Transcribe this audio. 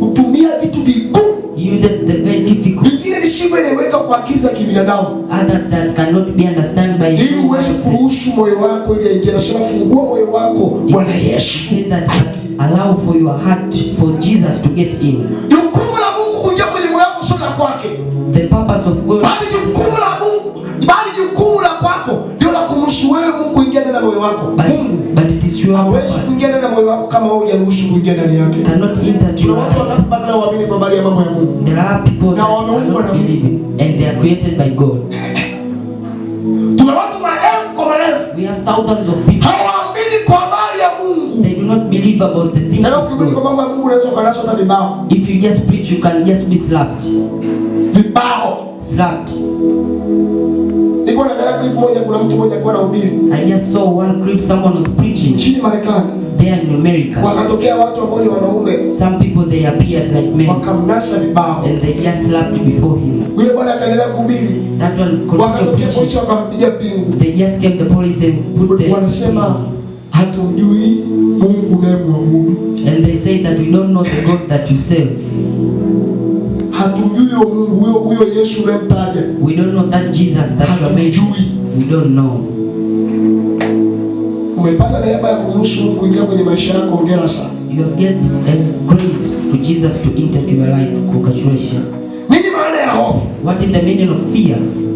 Kutumia vitu vigumu vingine visivyo inaweka kwa akili za kibinadamu ili uweze kuruhusu moyo wako ili aingie. Nasema fungua moyo wako Bwana Yesu. Allow for your heart for Jesus to get in. Jukumu la Mungu kuingia kwenye moyo wako sio la kwake. The purpose of God. Bali jukumu la Mungu ndani ya moyo wako. But it is your purpose. Hauwezi kuingia ndani ya moyo wako kama wewe hujaruhusu kuingia ndani yake. Cannot enter to. Kuna watu wangapi bado hawaamini kwa habari ya mambo ya Mungu? There are people that are not believing and they are created by God. Tuna watu maelfu kwa maelfu. We have thousands of people. Hawaamini kwa habari ya Mungu. They do not believe about the things. Na ukiamini kwa mambo ya Mungu unaweza ukanaswa hata vibao. If you just preach you can just be slapped. Vibao. Slapped clip moja, kuna mtu mmoja alikuwa anahubiri. I just saw one clip someone was preaching. Nchini Marekani. There in America. Wakatokea watu ambao ni wanaume. Some people they appeared like men. Wakamnasha vibao. And they just slapped before him. Yule bwana akaendelea kuhubiri. That one wakatokea polisi wakampiga pingu. They just came the police and put them. Wanasema hatumjui Mungu unayemwabudu. And they say that we don't know the God that you serve. Hatumjui huyo Mungu huyo huyo Yesu unayemtaja. We don't know that Jesus that you are made. We don't know. Umepata neema ya kuruhusu Mungu kuingia kwenye maisha yako, hongera sana. You have get a grace for Jesus to enter to your life. Congratulations. Nini maana ya hofu? What is the meaning of fear?